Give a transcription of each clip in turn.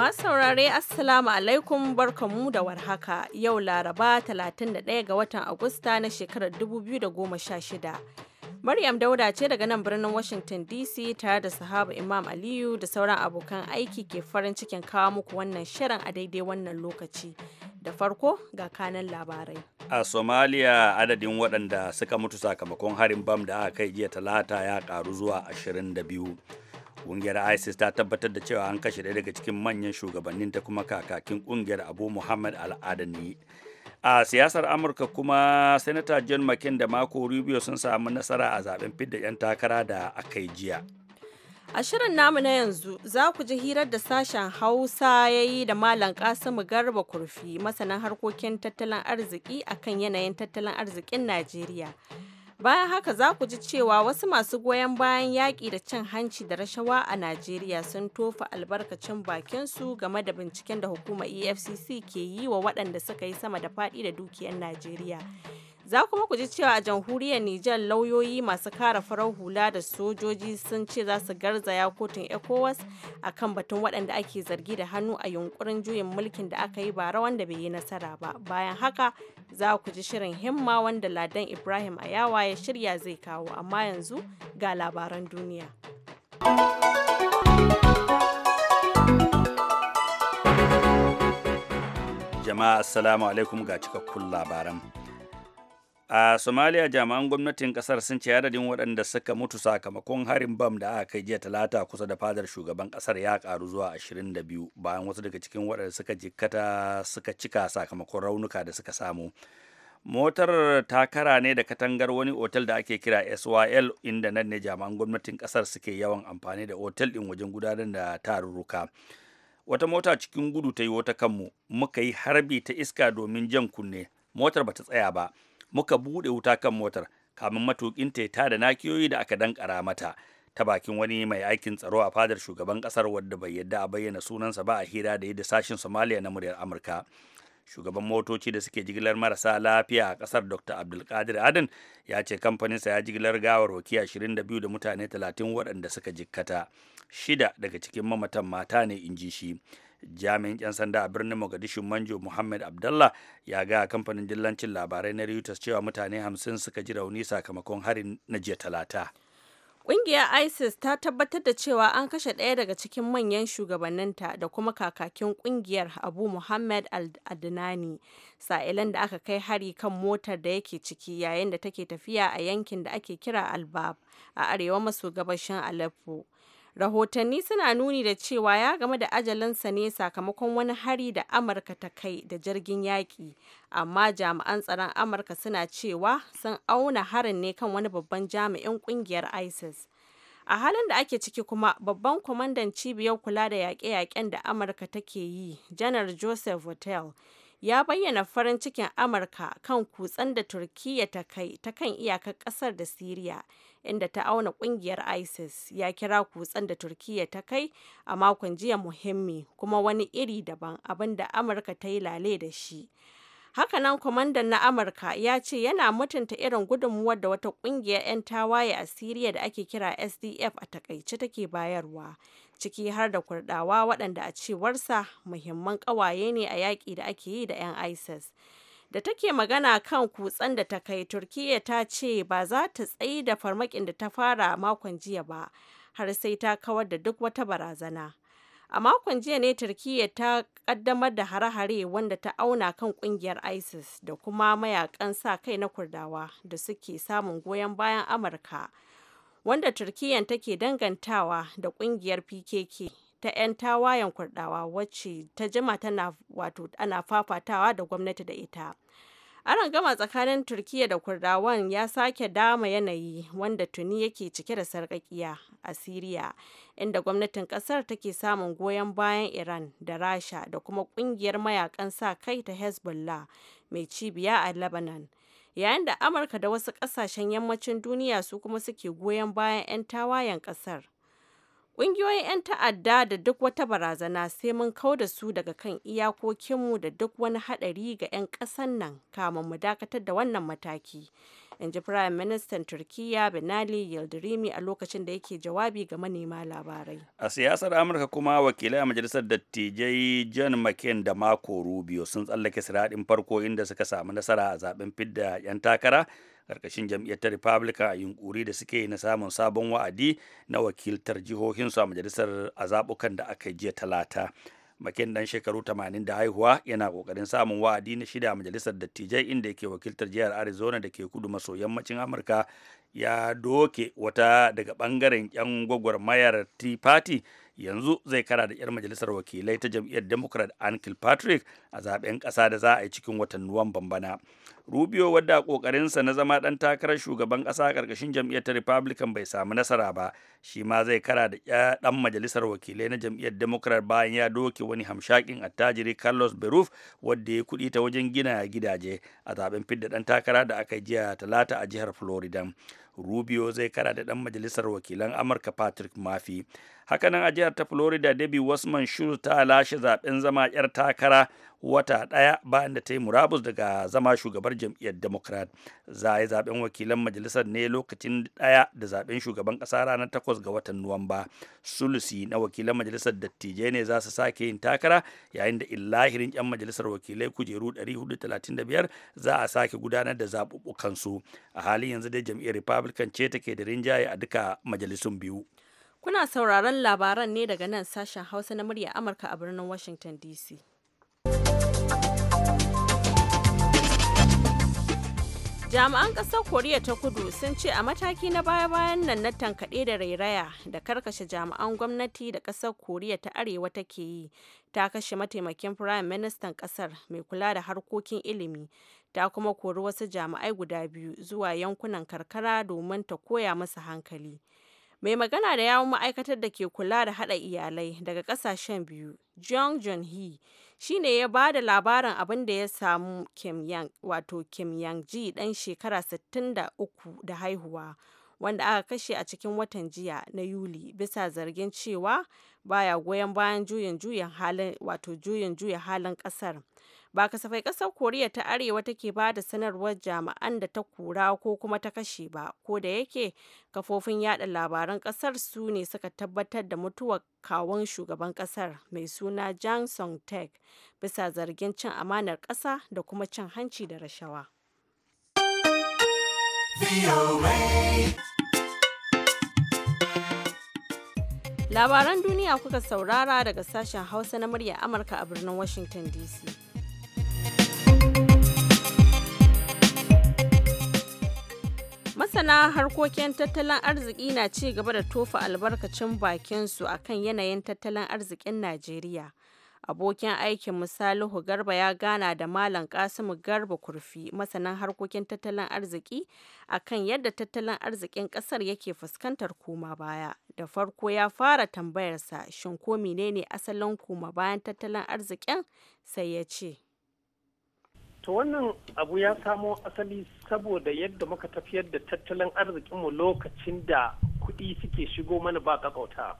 Masu saurare Assalamu alaikum barkamu da warhaka yau Laraba 31 ga watan Agusta na shekarar 2016. Maryam Dauda ce daga nan birnin Washington DC tare da sahaba Imam Aliyu da sauran abokan aiki ke farin cikin kawo muku wannan shirin a daidai wannan lokaci. Da farko ga kanan labarai. A Somalia adadin waɗanda suka mutu sakamakon harin bam da aka kai jiya talata ya ƙaru zuwa 22. Ƙungiyar ISIS ta tabbatar da cewa an kashe ɗaya daga cikin manyan shugabannin ta kuma kakakin ƙungiyar Abu Muhammad al a siyasar amurka kuma senator john mccain da mako rubio sun samu nasara a zaben fidda 'yan takara da aka yi jiya a shirin namu na yanzu za ku ji hirar da sashen hausa ya yi da malam kasimu garba kurfi masanin harkokin tattalin arziki akan yanayin tattalin arzikin najeriya Bayan haka za ku ji cewa wasu masu goyon bayan yaƙi da cin hanci da rashawa a Najeriya sun tofa albarkacin bakinsu game da binciken da hukumar EFCC ke yi wa waɗanda suka yi sama da faɗi da dukiyar Najeriya. Za kuma ku ji cewa a jamhuriyar Nijar lauyoyi masu kara farar hula da sojoji sun ce za su garzaya kotun ECOWAS a kan batun waɗanda ake zargi da hannu a yunkurin juyin mulkin da aka yi bara wanda bai yi nasara ba. Bayan haka za ku ji shirin himma wanda Ladan Ibrahim Ayawa ya shirya zai kawo amma yanzu ga labaran duniya. Jama'a Assalamu alaikum ga cikakkun labaran. a somalia jami'an gwamnatin kasar sun ce adadin waɗanda suka mutu sakamakon harin bam da aka kai jiya talata kusa da fadar shugaban kasar ya karu zuwa 22 bayan wasu daga cikin waɗanda suka jikkata suka cika sakamakon raunuka da suka samu motar ta kara ne da katangar wani otal da ake kira syl inda nan ne jami'an gwamnatin kasar suke yawan amfani da otal din wajen gudanar da tarurruka wata mota cikin gudu ta yi wata kanmu muka yi harbi ta iska domin jan kunne motar bata tsaya ba muka buɗe wuta kan motar kamin matukin ta da nakiyoyi da aka dankara mata ta bakin wani mai aikin tsaro a fadar shugaban kasar wanda bai yadda a bayyana sunansa ba a hira da yadda sashin Somalia na muryar amurka shugaban motoci da suke jigilar marasa lafiya a kasar dr abdulkadir Adan ya ce kamfaninsa ya jigilar gawar waki 22 da mutane 30 waɗanda suka jikkata shida daga cikin mamatan mata ne inji shi jami'in 'yan sanda a birnin mogadishu manjo muhammad abdallah ya ga kamfanin dillancin labarai na reuters cewa mutane hamsin suka ji rauni sakamakon harin na jiya talata Ƙungiyar ISIS ta tabbatar da cewa an kashe ɗaya daga cikin manyan shugabanninta da kuma kakakin ƙungiyar Abu Muhammad Al-Adnani sa'ilan da aka kai hari kan motar da yake ciki yayin da take tafiya a yankin da ake kira Albab a arewa maso gabashin Aleppo. rahotanni suna nuni da cewa ya game da ajalinsa ne sakamakon wani hari da amurka ta kai da jirgin yaƙi amma jami'an tsaron amurka suna cewa sun auna harin ne kan wani babban jami'in kungiyar isis a halin da ake ciki kuma babban kwamandan cibiyar kula da yaƙe-yaƙen da amurka take yi janar joseph hotel ya bayyana farin cikin amurka kan kutsen da turkiyya ta kai ta kan iyakar ƙasar da siriya inda ta auna kungiyar isis ya kira kutsen da turkiya ta kai a makon jiya muhimmi kuma wani iri daban abinda amurka ta yi lale da shi hakanan kwamandan na amurka ya ce yana mutunta irin gudunmuwar da wata kungiyar 'yan tawaye a siriya da ake kira sdf a takaice take bayarwa ciki har da kurdawa waɗanda a cewarsa muhimman ƙawaye ne a yaƙi da ake yi da 'yan isis da take magana kan kutsen da ta kai turkiyya ta ce ba za ta tsayi da farmakin da ta fara makon jiya ba har sai ta kawar da duk wata barazana a makon jiya ne turkiyya ta kaddamar da hare-hare wanda ta auna kan kungiyar isis da kuma mayakan sa kai na kurdawa da suke samun goyon bayan amurka wanda turkiyyan take dangantawa da kungiyar pkk ta 'yan tawayen kurdawa wacce ta jima tana wato ana fafatawa da gwamnati da ita aron gama tsakanin turkiya da kurdawan ya sake dama yanayi wanda tuni yake cike da sarkakiya a siriya inda gwamnatin kasar take samun goyon bayan iran da rasha da kuma kungiyar mayakan sa kai ta hezbollah mai cibiya a lebanon yayin da amurka da wasu kasashen yammacin duniya su kuma suke goyon bayan 'yan tawayen kasar Ƙungiyoyin 'yan ta'adda da duk wata barazana sai mun kau da su daga kan iyakokinmu da duk wani haɗari ga 'yan ƙasan nan kamun mu dakatar da wannan mataki. in ji Prime ministan turkiya benali yildirimi a lokacin da yake jawabi ga manema labarai a siyasar amurka kuma wakilai a majalisar dattijai john mccain da mako rubio sun tsallake siraɗin farko inda suka samu nasara a zaben fidda 'yan takara karkashin jam'iyyar ta republican a yunkuri da suke na samun sabon wa'adi na wakiltar jihohinsu a majalisar a zaɓukan da aka yi jiya talata makin dan shekaru 80 da haihuwa yana kokarin samun wa'adi na shida a majalisar dattijai inda yake wakiltar jihar arizona da ke kudu maso yammacin amurka ya doke wata daga bangaren yan gwagwarmayar tea party yanzu zai kara da 'yar majalisar wakilai ta jam'iyyar democrat ann kilpatrick a zaben ƙasa da za a yi cikin watan nuwamban bana rubio wadda kokarinsa na zama dan takarar shugaban ƙasa karkashin jam'iyyar ta republican bai samu nasara ba shi ma zai kara da ɗan majalisar wakilai na jam'iyyar democrat bayan ya doke wani hamshakin attajiri carlos beruf wadda ya kuɗi ta wajen gina gidaje a zaben fidda ɗan takara da aka yi jiya talata a jihar florida rubio zai kara da ɗan majalisar wakilan amurka patrick murphy hakanan a jihar ta florida debbie wasman schultz ta lashe zaben zama yar takara wata daya bayan da ta yi murabus daga zama shugabar jam'iyyar democrat za a yi zaben wakilan majalisar ne lokacin daya da zaben shugaban ƙasa ranar takwas ga watan nuwamba sulusi na wakilan majalisar dattijai ne za su sake yin takara yayin da illahirin 'yan majalisar wakilai kujeru 435 za a sake gudanar da zaɓuɓɓukansu a halin yanzu dai jam'iyyar republican ce take da rinjaye a duka majalisun biyu Kuna sauraron labaran ne daga nan sashen Hausa na murya Amurka a birnin Washington DC. Jami'an ƙasar Koriya ta Kudu sun ce a mataki na baya-bayan nan na tankaɗe da rairaya da karkashe jami'an gwamnati da ƙasar Koriya ta Arewa take yi ta kashe mataimakin firayim ministan ƙasar mai kula da harkokin ilimi ta kuma kori wasu jami'ai guda biyu zuwa yankunan karkara domin ta koya musu hankali. Mai magana da yawun ma'aikatar da ke kula da hada iyalai daga ƙasashen biyu, Jong Geum-hye, shi ne ya ba da labarin abin da ya samu Kim Yang-ji dan shekara 63 da haihuwa, wanda aka kashe a cikin watan jiya na Yuli bisa zargin cewa baya goyon bayan juyin juya halin ƙasar. ba kasafai kasar koriya ta arewa take ba da sanarwar jami'an da ta kura ko kuma ta kashe ba ko da yake kafofin yada labaran kasar su ne suka tabbatar da mutuwar kawon shugaban kasar mai suna jang song tech bisa zargin cin amanar kasa da kuma cin hanci da rashawa Labaran duniya kuka saurara daga sashen Hausa na murya Amurka a birnin Washington DC. na harkokin tattalin arziki na ci gaba da tofa albarkacin bakinsu a kan yanayin tattalin arzikin Najeriya. Abokin aikin Salihu Garba ya gana da Malam Kasimu Garba Kurfi, masanan harkokin tattalin arziki, a kan yadda tattalin arzikin ƙasar yake fuskantar kuma baya. Da farko ya fara tambayarsa, shin ko menene asalin koma bayan tattalin arzikin? Sai ya ce. to wannan abu ya samo asali saboda yadda muka tafiyar da tattalin arzikinmu lokacin da kuɗi suke shigo mana ba kakauta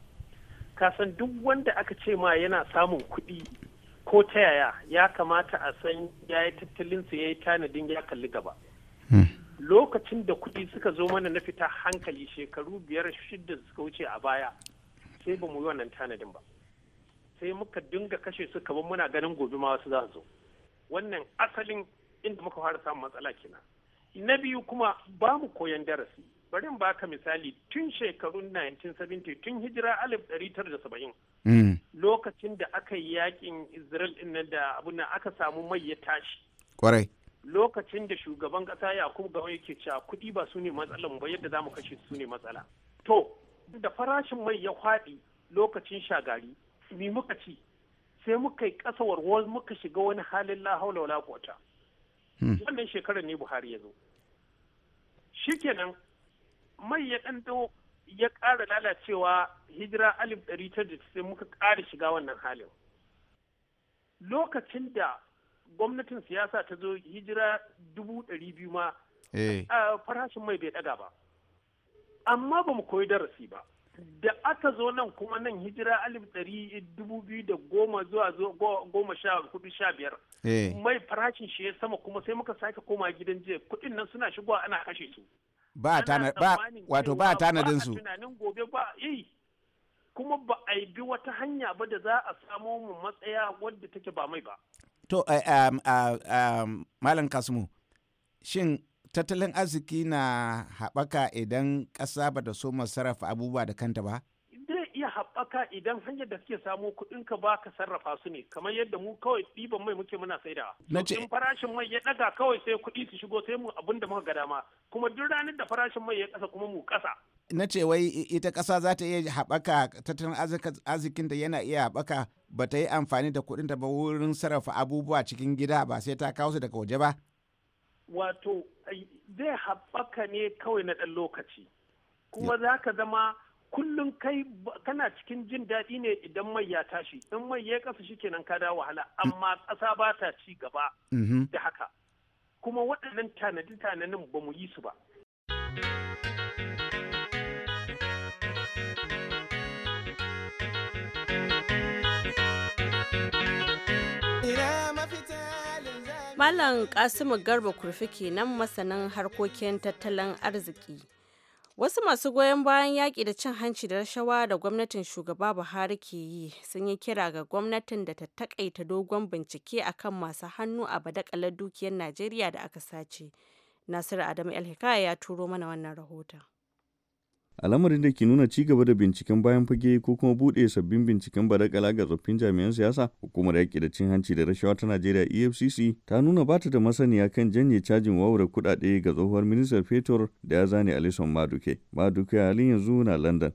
kasan duk wanda aka ce ma yana samun kuɗi ko ta yaya ya kamata a san ya yi tattalinsu ya yi tanadin ya kalli gaba hmm. lokacin da kuɗi suka zo mana na fita hankali shekaru biyar shidda suka wuce a baya sai ba mu yi wannan tanadin ba sai muka dinga kashe su kamar muna ganin gobe ma wasu za su zo wannan asalin inda muka fara samun matsala kenan na biyu kuma ba mu koyan darasi bari in ka misali tun shekarun 1970 tun hijira 1970 mm. lokacin da aka yi yakin Israel din da abu na, aka samu mai ya tashi kwarai lokacin da shugaban kasa Yakubu Gawan yake cewa kuɗi ba su ne matsalan ba yadda za mu kashe su ne matsala to da farashin mai ya kwaɗi lokacin shagari mi muka ci sai muka yi kasawar muka shiga wani halin lahaula wala kota hmm. wannan shekarar ne Buhari ya zo shikenan mai ya ɗanɗo ya ƙara lalacewa hijira alif ɗari ta sai muka ƙara shiga wannan halin lokacin da gwamnatin siyasa ta zo hijira dubu ɗari biyu ma eh. farashin mai bai ɗaga ba amma ba mu koyi darasi ba da aka zo nan kuma nan hijira alif ɗari dubu biyu da goma zuwa goma sha hudu sha biyar eh. mai farashin shi ya sama kuma sai muka sake koma gidan jiya kuɗin nan suna shigowa ana kashe su ba tana ba wato ba tanadin su tunanin gobe ba eh kuma ba a bi wata hanya ba da za a samo mu matsaya wadda take ba mai ba to eh, um, uh, um, malam kasmu shin tattalin arziki na haɓaka idan ƙasa ba ta so sarrafa abubuwa da kanta ba? Zai iya haɓaka idan hanyar da suke samo kuɗin ka ba ka sarrafa su ne kamar yadda mu kawai ɗiban mai muke muna saidawa. Na ce. farashin mai ya ɗaga kawai sai kuɗi su shigo sai mu abin da muka ga dama kuma duk ranar da farashin mai ya ƙasa kuma mu ƙasa. Na ce wai ita ƙasa za ta iya haɓaka tattalin ta yana iya haɓaka ba ta yi amfani da kuɗin kuɗinta ba wurin sarrafa abubuwa cikin gida ba sai ta kawo su daga waje ba. wato zai haɓaka ne kawai na ɗan lokaci kuma za ka zama kullum kai kana cikin jin daɗi ne idan mai ya tashi in mai ya ƙasa shi kenan ka dawo wahala mm. amma ƙasa ba ta ci gaba mm-hmm. da haka kuma waɗannan tanadi-tanadin ba mu yi su ba. Malam Kasimu Garba Kurfi kenan masanin harkokin tattalin arziki. Wasu masu goyon bayan yaƙi da cin hanci da rashawa da gwamnatin shugaba Buhari ke yi sun yi kira ga gwamnatin da ta taƙaita dogon bincike a kan masu hannu a badakalar dukiyar Najeriya da aka sace. Nasiru Adamu El ya turo mana wannan rahoton. al'amarin da ke nuna ci gaba da binciken bayan fage ko kuma buɗe sabbin binciken badakala ga tsoffin jami'an siyasa hukumar yaƙi da cin hanci da rashawa ta najeriya efcc ta nuna bata da masaniya kan janye cajin wawura kuɗaɗe ga tsohuwar ministan fetur da ya zane alison maduke maduke a halin yanzu na london da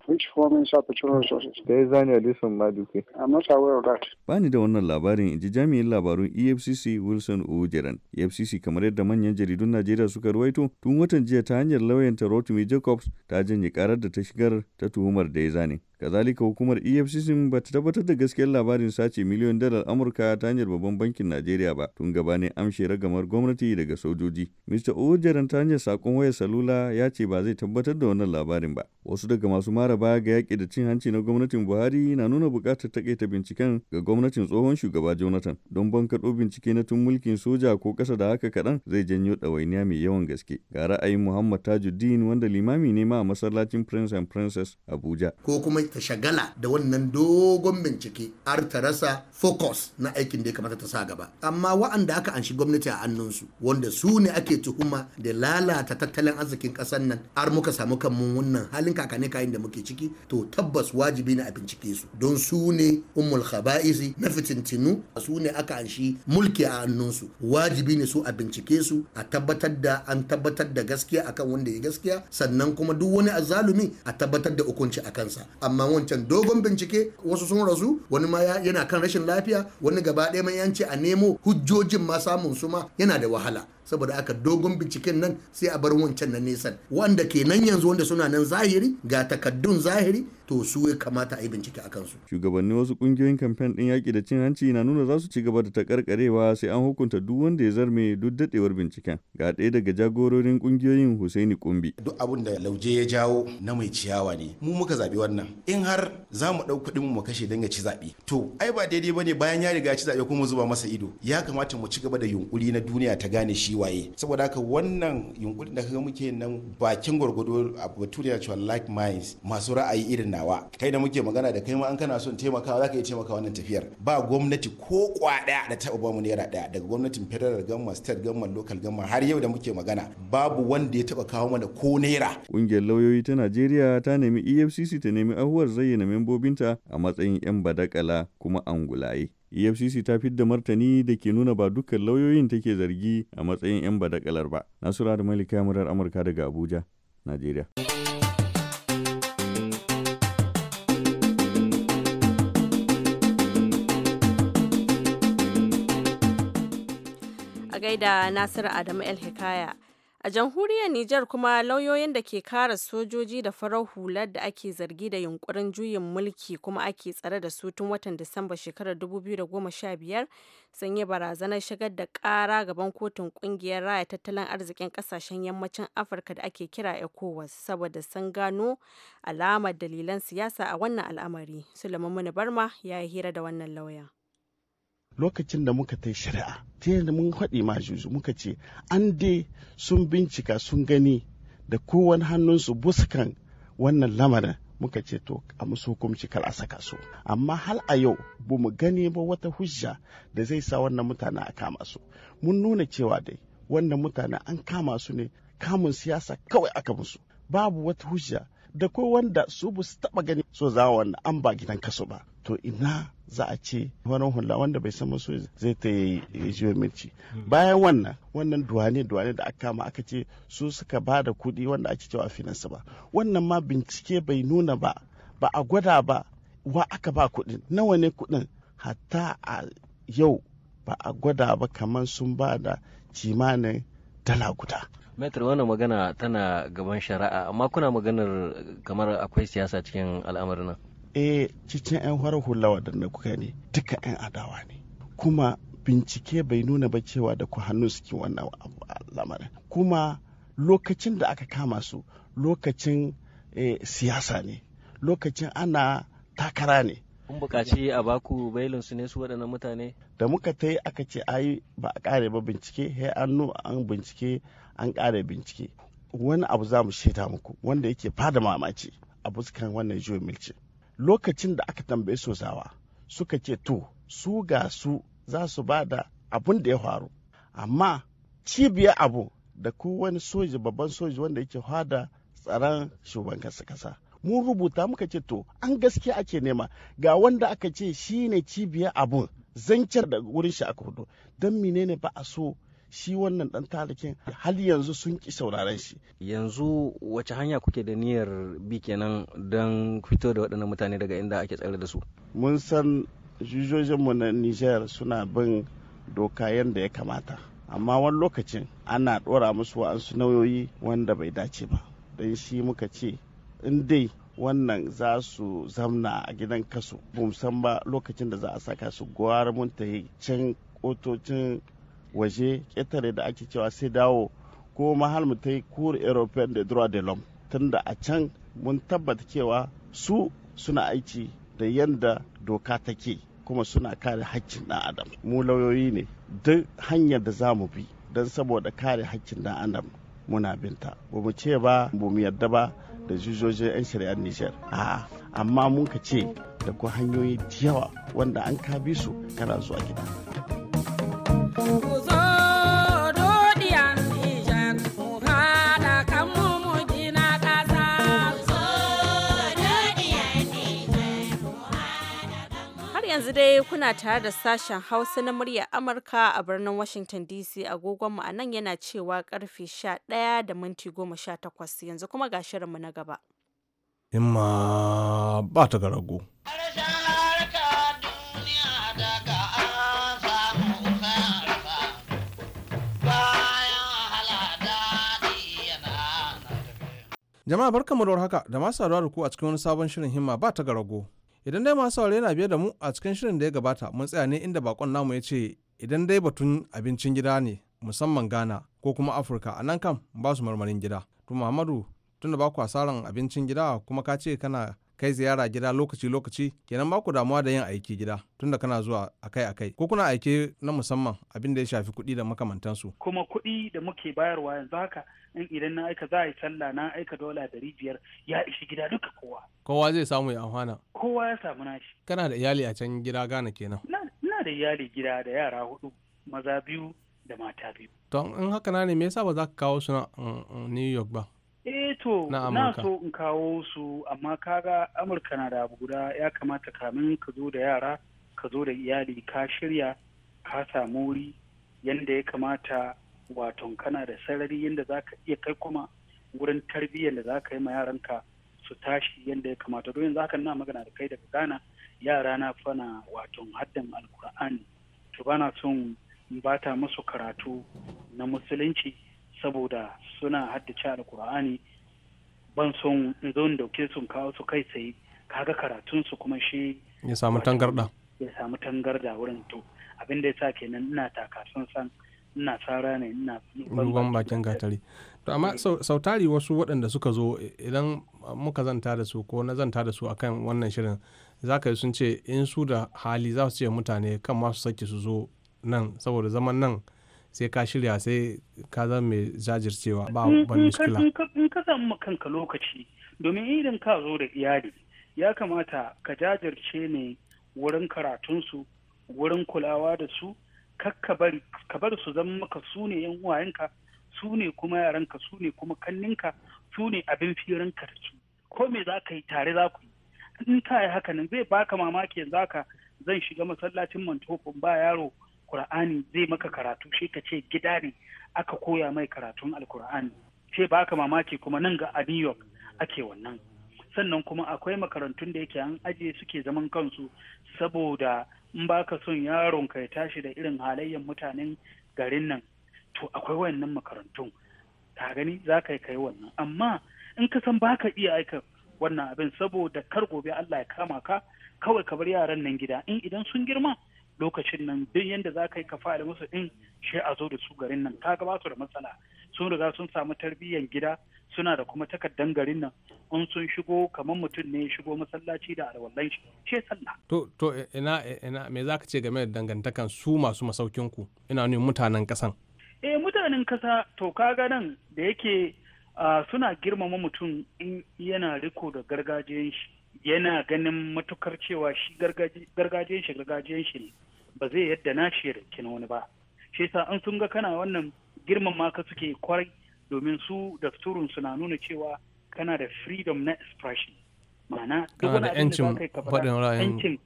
ba ni da wannan labarin in ji jami'in labarun efcc wilson ojeran efcc kamar yadda manyan jaridun najeriya suka ruwaito tun watan jiya ta hanyar lauyanta rotimi jacobs ta janye karar karar da ta shigar ta tuhumar da ya zane. kazalika hukumar efcc ba ta tabbatar da gaskiyar labarin sace miliyon dalar amurka ta hanyar babban bankin najeriya ba tun gaba ne amshe ragamar gwamnati daga sojoji mr Ojeran ta hanyar sakon wayar salula ya ce ba zai tabbatar da wannan labarin ba wasu daga masu mara baya ga yaƙi da cin hanci na gwamnatin buhari na nuna buƙatar taƙaita binciken ga gwamnatin tsohon shugaba jonathan don bankaɗo bincike na tun mulkin soja ko ƙasa da haka kaɗan zai janyo ɗawainiya mai yawan gaske ga ra'ayin muhammad tajuddin wanda limami ne ma a masallacin prince and princess abuja ko kuma ta shagala da wannan dogon bincike har ta rasa focus na aikin da ya kamata ta sa gaba amma wa'anda aka anshi gwamnati a hannunsu wanda su ne ake tuhuma da lalata tattalin arzikin ƙasar nan har muka samu kanmu wannan halin kakane kayan da muke ciki to tabbas wajibi ne a bincike su don su ne ummul khaba'isi na fitintinu su ne aka anshi mulki a hannunsu wajibi ne su a bincike su a tabbatar da an tabbatar da gaskiya akan wanda ya gaskiya sannan kuma duk wani azalumi a tabbatar da hukunci a kansa amma wancan dogon bincike wasu sun rasu wani ma yana kan rashin lafiya wani gaba ɗaya mai yanci a nemo hujjojin ma samun su ma yana da wahala saboda aka dogon binciken nan sai a bar wancan na nesan wanda ke nan yanzu wanda suna nan zahiri ga takaddun zahiri to su ya kamata a yi bincike a kansu. shugabanni wasu kungiyoyin kamfen ɗin yaƙi da cin hanci na nuna za su ci gaba da takarkarewa sai an hukunta duk wanda ya zarme duk daɗewar binciken. Ga ɗaya daga jagororin kungiyoyin Husaini Kumbi. Duk abin da lauje ya jawo na mai ciyawa ne. Mu muka zaɓi wannan. in har za mu ɗau kuɗin mu kashe don ya ci zaɓe to ai ba daidai ba ne bayan ya riga ci zaɓe kuma zuba masa ido ya kamata mu ci gaba da yunƙuri na duniya ta gane shi waye saboda haka wannan yunƙuri da kaga muke nan bakin gwargwado a bature ya cewa like minds masu ra'ayi irin nawa kai da muke magana da kai ma an kana son taimakawa za ka iya taimaka wannan tafiyar ba gwamnati ko kwaɗa da taɓa bamu naira ɗaya daga gwamnatin federal gamma state gamma local gamma har yau da muke magana babu wanda ya taɓa kawo mana ko naira ƙungiyar lauyoyi ta najeriya ta nemi efcc ta nemi ahu guguwar zayyana membobinta a matsayin 'yan badakala kuma angulaye. EFCC ta fidda martani da ke nuna ba dukkan lauyoyin take zargi a matsayin 'yan badakalar ba. Nasura da Malika murar Amurka daga Abuja, Najeriya. A gaida Nasiru Adamu El Hikaya. A jamhuriyar Nijar kuma lauyoyin da ke kare sojoji da farar hular da ake zargi da yunkurin juyin mulki kuma ake tsare da su tun watan Disamba shekarar 2015 sun yi barazanar shigar da ƙara gaban kotun kungiyar raya tattalin arzikin ƙasashen yammacin Afirka da ake kira ECOWAS saboda sun gano alamar dalilan siyasa a wannan al'amari. Sulaiman Barma ya yi hira da wannan lauyan lokacin da muka ta shari'a ta yadda mun haɗe ma juju muka ce an dai sun bincika sun gani da kowane hannunsu buskan wannan lamarin muka ce to a musu hukumci kar a saka su amma hal a yau ba mu gani ba wata hujja da zai sa wannan mutane a kama su mun nuna cewa dai wannan mutane an kama su ne kamun siyasa kawai aka musu babu wata hujja da ko wanda su bu su taba gani so za wannan an ba gidan kaso ba to ina za a ce wani hula wanda bai san maso zai ta yi mirci bayan wannan wannan duwane duwane da aka kama aka ce su suka ba da kuɗi wanda ake cewa finansa ba wannan ma bincike bai nuna ba ba a gwada ba wa aka ba kudin nawa ne kuɗin hatta a yau ba a gwada ba kamar sun ba da kimanin dala guda Metro wannan magana tana gaban shari'a amma kuna maganar kamar akwai siyasa cikin al'amarin nan. eh cikin 'yan farar hula waɗanda kuka ne duka 'yan adawa ne kuma bincike bai nuna ba cewa da ku hannu suke wannan lamarin kuma lokacin da aka kama su lokacin eh, siyasa ne lokacin ana takara ne kun buƙaci a baku bailin su ne su waɗannan mutane da muka ta yi aka ce ai ba a ƙare ba bincike he an an bincike an ƙare bincike wani abu za mu shaida muku wanda yake fada mamaci a buskan wannan juyin milcin lokacin da aka tambayi sosawa suka ce to su ga su za su ba da abun da ya faru amma cibiyar abu da ku wani soji babban soji wanda yake hada tsaron shugaban kasa mun rubuta muka ce to an gaske ake nema ga wanda aka ce shine cibiyar abun zancar da wurin shi aka hudu don menene ba a so shi wannan dan talakin har yanzu sun ki sauraren shi yanzu wace hanya kuke da niyyar bi kenan don fito da waɗannan mutane daga inda ake tsare da su mun san jujojinmu na niger suna bin doka yadda ya kamata amma wani lokacin ana ɗora musu wa'ansu nauyoyi wanda bai dace ba don shi muka ce in dai wannan za su zamna a gidan kasu san ba lokacin da za a saka su gwara mun ta can kotocin waje ƙetare da ake cewa sai dawo ko mahal mu ta yi kur european de droit de l'homme tunda a can mun tabbata cewa su suna aiki da yadda doka take kuma suna kare haƙƙin ɗan adam mu lauyoyi ne duk hanyar da za mu bi don saboda kare haƙƙin ɗan adam muna binta ba mu ce ba ba mu yarda ba da jujojin 'yan shari'ar nijar a'a amma mun ka ce da ku hanyoyi da yawa wanda an ka bi su kana zuwa gida yanzu dai kuna tare da sashen Hausa na murya Amurka a birnin Washington DC agogonmu a nan yana cewa karfe 11 da minti 18 yanzu kuma ga shirinmu na gaba. Himma ba ta ga rago Jama'a barkamu da haka da masu saduwa da ku a cikin wani sabon shirin himma ba ta ga rago. idan dai masu saurare na biye da mu a cikin shirin da ya gabata mun tsaya ne inda bakon namu ya ce idan dai batun abincin gida ne musamman ghana ko kuma afirka a nan kam ba su marmarin gida to muhammadu tunda da baku asaran abincin gida kuma ka ce kana kai ziyara gida lokaci-lokaci kenan baku damuwa da yin aiki gida tunda kana zuwa akai-akai ko kuna aiki na musamman abin da ya shafi kuɗi da makamantansu. kuma kuɗi da muke bayarwa yanzu haka in idan na aika za a yi sallah na aika dola dari biyar ya ishi gida duka kowa kowa zai samu ya amfana kowa ya samu nashi kana da iyali a can gida gana kenan ina da iyali gida da yara hudu maza biyu da mata biyu to in haka na ne me yasa ba za ka kawo su na mm, mm, New York ba eh to na so in kawo su amma kaga Amurka na da abu guda ya kamata kamin ka zo da yara ka zo da iyali ka shirya ka samu wuri yanda ya kamata waton kana da sarari yadda za ka iya kai kuma wurin tarbiyyar da za ka yi ma yaranka su tashi yadda ya kamata don yanzu hakan na magana da kai daga gana yara na fana waton haddan alkur'ani to bana na son bata musu karatu na musulunci saboda suna haddace alkur'ani ban son in zo dauke su kawo su kai tsaye kaga karatun su kuma shi ya samu tangarda ya samu tangarda wurin to abin da ya yasa kenan ina taka san san ina tsara ne ina ban bakin gatari to amma eh. sautari wasu waɗanda suka zo idan muka zanta da su ko na zanta da su akan wannan shirin za ka yi sun ce in su da hali za su ce mutane kan masu sake su zo nan saboda zaman nan sai ka shirya sai ka zama mai jajircewa ba ban muskila in ka zama kanka lokaci domin idan ka zo da iyali ya kamata ka jajirce ne wurin karatunsu wurin kulawa da su kakka bari ka bar su zama maka su ne yan uwayenka su ne kuma yaranka su ne kuma kanninka su ne abin firinka da su ko me za ka yi tare za ku yi in ka yi haka nan zai baka mamaki yanzu haka zan shiga masallacin mantofin ba yaro Kur'ani zai maka karatu shi ka ce gida ne aka koya mai karatun alkur'ani ce baka mamaki kuma nan ga a New York ake wannan sannan kuma akwai makarantun da yake an ajiye suke zaman kansu saboda in ba ka son yaron ka ya tashi da irin halayyar mutanen garin nan to akwai wayannan makarantun ka gani za ka kai wannan amma in ka san baka iya aika wannan abin saboda kar gobe Allah ya kama ka kawai ka bar yaran nan gida in idan sun girma lokacin nan duk yadda za ka yi ka fara musu din shi a zo da su garin nan ka ba su da matsala sun riga sun samu tarbiyyar gida suna da kuma takardan garin nan in sun shigo kamar mutum ne shigo masallaci da alwallan shi ce sallah to to ina ina me zaka ce game da dangantakan su masu masaukin ku ina nuna mutanen kasan eh mutanen kasa to kaga nan da yake suna girmama mutum in yana riko da gargajiyan shi yana ganin matukar cewa shi gargajiyan shi gargajiyan shi ne ba zai yadda na shi rikin wani ba shi yasa an sun ga kana wannan girmama ka suke kwarai domin su dafturun suna nuna cewa kana da freedom na expression mana duk wani da ka yancin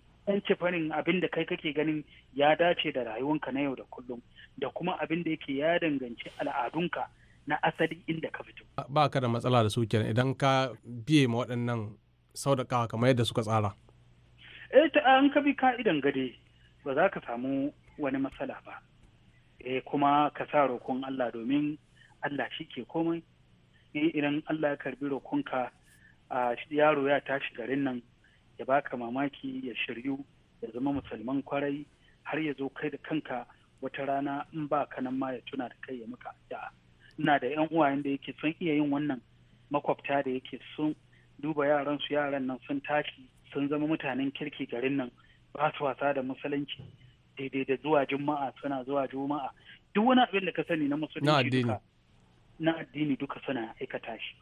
fanin abin da kai kake ganin ya dace da rayuwanka na yau da kullum da kuma abin da yake ya danganci al'adunka na asali inda ka fito. Ba ka da matsala da su kenan idan ka biye ma waɗannan sauƙaƙawa kamar yadda suka tsara. Eh ta an ka bi ka'idan gade ba za ka samu wani matsala ba. Eh kuma ka sa roƙon Allah domin Allah shi ke komai idan Allah ya karbi roƙonka yaro ya tashi garin nan ya baka mamaki ya shiryu ya zama musulman kwarai har ya zo kai da kanka wata rana in ba ka nan ma ya tuna da kai ya maka addu'a ina da yan uwayen da yake sun iya yin wannan makwabta da yake sun duba yaran su yaran nan sun tashi sun zama mutanen kirki garin nan ba su wasa da musulunci daidai da zuwa juma'a suna zuwa juma'a duk wani abin da ka sani na musulunci duka na addini duka suna aikata shi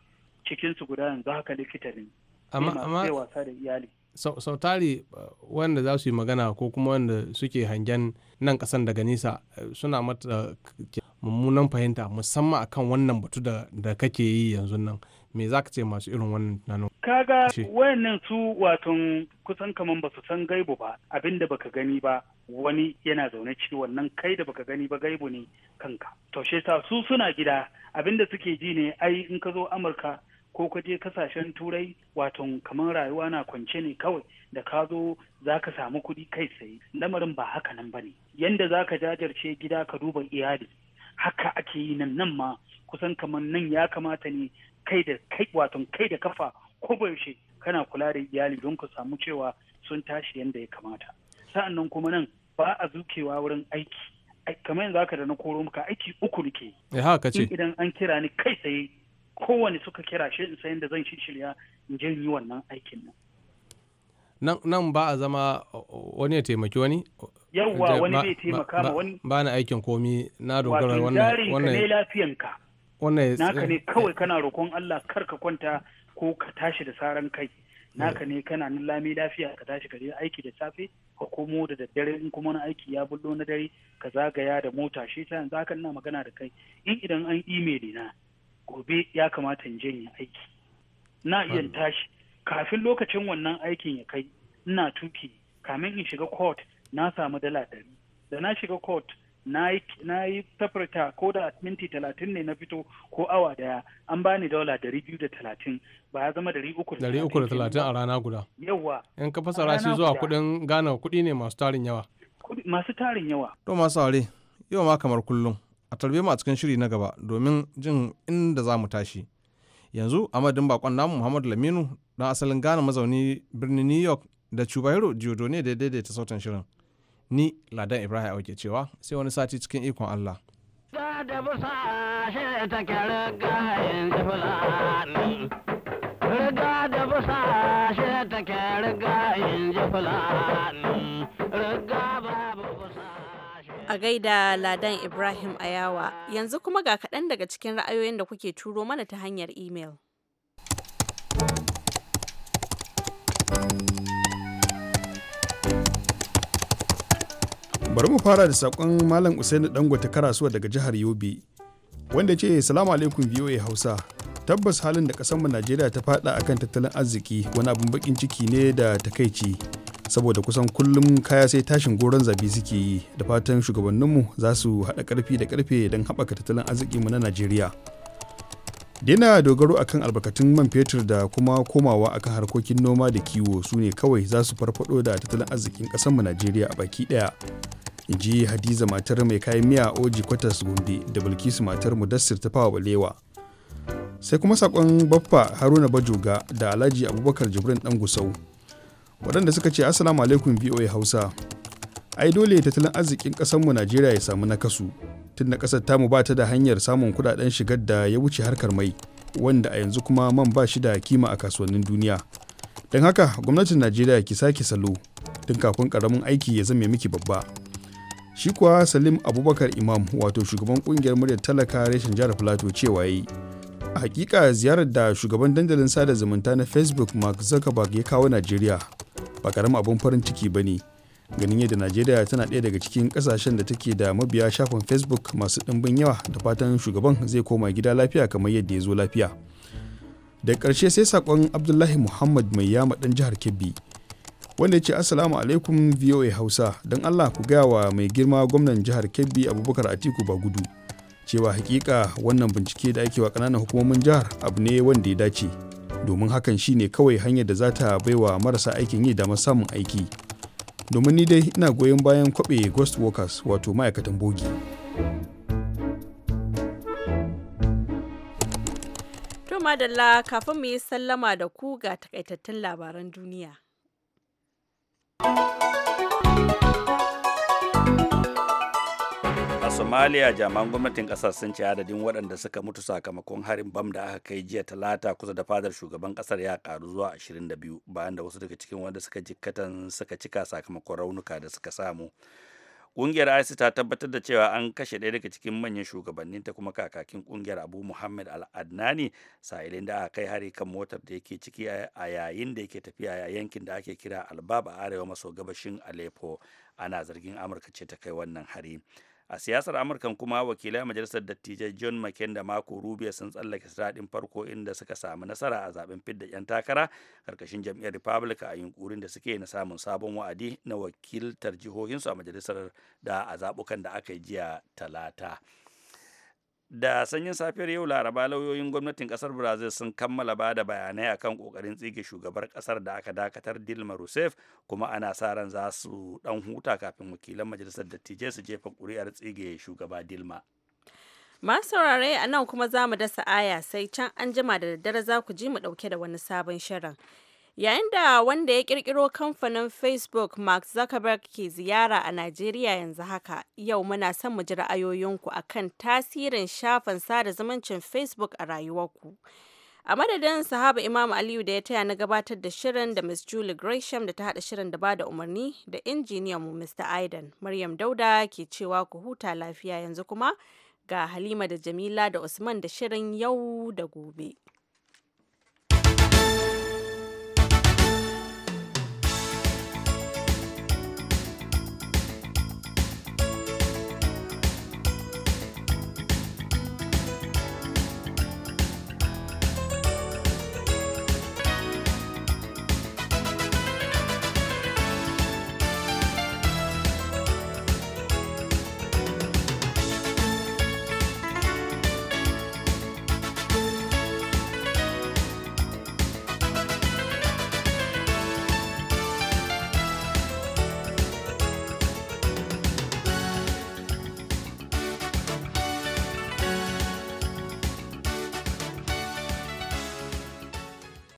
cikinsu guda yanzu haka likita ne amma wasa da iyali sautari uh, wanda za su yi magana ko kuma wanda suke hangen nan kasan daga nisa uh, suna mata mummunan fahimta musamman akan wannan batu da kake yi yanzu nan me za ka ce masu irin wannan tunanin kaga wayannan su watan kusan kaman ba su san gaibu ba abinda baka gani ba wani yana zaune ciki wannan kai da baka gani ba gaibu ne kanka to shi su suna gida Abin da suke ji ne ai in ka zo amurka ko ka je kasashen turai waton kamar rayuwa na kwance ne kawai da ka zo za ka samu kuɗi kai sai. lamarin ba haka nan ba ne Yadda za ka jajarce gida ka duba iyali haka ake yi nan nan ma kusan kamar nan ya kamata ne kai da kai waton kai da kafa ko yaushe kana kula da iyali don ka samu cewa sun tashi yadda ya kamata sa'an nan kuma nan ba a zukewa wurin aiki kamar yanzu haka da na koro muka aiki uku nake ya eh, haka ce idan an kira ni kai tsaye kowane suka kira shi in sayan da zan shirya in je yi wannan aikin nan nan nan ba a zama wani ya taimaki wani yawwa wani bai taimaka ma wani ba na aikin komi na dogara wannan wannan ne lafiyanka wannan naka ne kawai kana roƙon Allah kar ka kwanta ko ka tashi da saran kai naka ne kana nan lami lafiya ka tashi ka je aiki da safe ka komo da daddare in kuma na aiki ya bullo na dare ka zagaya da mota shi ta yanzu haka ina magana da kai in idan an email na gobe ya kamata in janye aiki na iya tashi kafin lokacin wannan aikin ya kai ina tuki kamin in shiga court na samu dala ɗari da na shiga court na yi tafarta ko da minti talatin ne na fito ko awa daya an bani dala dari biyu da talatin ba ya zama dari uku da talatin a rana guda yawa in ka fasara shi zuwa kuɗin gana kuɗi ne masu tarin yawa masu tarin yawa to masu aure yau ma kamar kullum a tarbe mu a cikin shiri na gaba domin jin inda za mu tashi yanzu a madadin bakon namu muhammad laminu dan asalin ghana mazauni birnin new york da jiyo ne da daidaita sautan shirin ni ladan ibrahim auke cewa sai wani sati cikin ikon allah a gaida Ladan Ibrahim Ayawa. Yanzu kuma ga kaɗan daga cikin ra'ayoyin da kuke turo mana ta hanyar imel. bari mu fara da sakon malam usaini dangote karasuwa daga jihar yobe wanda ce salamu alaikum voa hausa tabbas halin da kasanmu najeriya ta fada akan tattalin arziki wani abin bakin ciki ne da takaici saboda kusan kullum kaya sai tashin goron zabi suke yi da fatan shugabanninmu za su haɗa ƙarfi da ƙarfe don haɓaka tattalin arzikinmu na najeriya dina dogaro akan albarkatun man fetur da kuma komawa akan harkokin noma da kiwo su ne kawai za su farfado da tattalin arzikin ƙasarmu najeriya a baki ɗaya in hadiza matar mai kayan miya oji kwatas gombe da bilkisu matar mudassir ta fawa balewa sai kuma sakon baffa haruna bajoga da alhaji abubakar jibrin dan gusau waɗanda suka ce assalamu alaikum voa hausa ai dole tattalin arzikin ƙasarmu najeriya ya samu nakasu tunda ƙasar tamu ba ta da hanyar samun kudaden shigar da ya wuce harkar mai wanda a yanzu kuma man ba shi da kima a kasuwannin duniya don haka gwamnatin najeriya ki sake salo tun kafin karamin aiki ya zame miki babba shi kuwa salim abubakar imam wato shugaban kungiyar muryar talaka reshen jihar plateau cewa yi a hakika ziyarar da shugaban dandalin sada zumunta na facebook mark zuckerberg ya kawo najeriya ba karamin abin farin ciki ba ne ganin yadda najeriya tana ɗaya daga cikin ƙasashen da take da mabiya shafin facebook masu ɗimbin yawa da fatan shugaban zai koma gida lafiya kamar yadda ya zo lafiya da ƙarshe sai saƙon abdullahi muhammad mai yama ɗan jihar kebbi wanda ya ce assalamu alaikum voa hausa don allah ku gaya wa mai girma gwamnan jihar kebbi abubakar atiku ba gudu cewa hakika wannan bincike da ake wa ƙananan hukumomin jihar abu ne wanda ya dace domin hakan shine kawai hanyar da za ta baiwa marasa aikin yi damar samun aiki domin ni dai ina goyon bayan kwaɓe ghost workers wato ma'aikatan bogi to madalla kafin mu yi sallama da ku ga takaitattun labaran duniya Somalia jami'an gwamnatin kasar sun ce adadin waɗanda suka mutu sakamakon harin bam da aka kai jiya talata kusa da fadar shugaban kasar ya karu zuwa 22 bayan da wasu daga cikin wanda suka jikkatan suka cika sakamakon raunuka da suka samu. Ƙungiyar ISIS ta tabbatar da cewa an kashe ɗaya daga cikin manyan shugabannin ta kuma kakakin ƙungiyar Abu Muhammad Al-Adnani sa'ilin da aka kai hari kan motar da yake ciki a yayin da yake tafiya a yankin da ake kira Albab a arewa maso gabashin Aleppo ana zargin Amurka ce ta kai wannan hari. a siyasar amurkan kuma wakilai majalisar dattijai john mccain da mako rubio sun tsallake sadadin farko inda suka samu nasara a zaben fidda 'yan takara karkashin jam'iyyar republic a yunkurin da suke na samun sabon wa'adi na wakiltar jihohinsu a majalisar da a zabukan da aka yi jiya talata da sanyin safiyar yau laraba lauyoyin gwamnatin kasar brazil sun kammala ba da bayanai akan kokarin tsige shugabar kasar da aka dakatar dilma rousseff kuma ana sa ran za su dan huta kafin wakilan majalisar dattijai su jefa kuri'ar tsige shugaba dilma masu saurare a nan kuma za mu dasa aya sai can an jima da daddare za ku ji mu dauke da wani sabon shirin Yayin da wanda ya kirkiro kamfanin Facebook Mark Zuckerberg ke ziyara a Najeriya yanzu haka, yau muna son mu ji ra'ayoyinku kan tasirin shafin sada zumuncin Facebook a rayuwarku. A madadin sahaba Imam Aliyu da ya taya na gabatar da shirin da Miss Julie Gresham da ta hada shirin da ba da umarni da injiniyan mu Mr. Aidan. Maryam Dauda ke cewa ku huta lafiya yanzu kuma ga Halima da Jamila da Usman da shirin yau da gobe.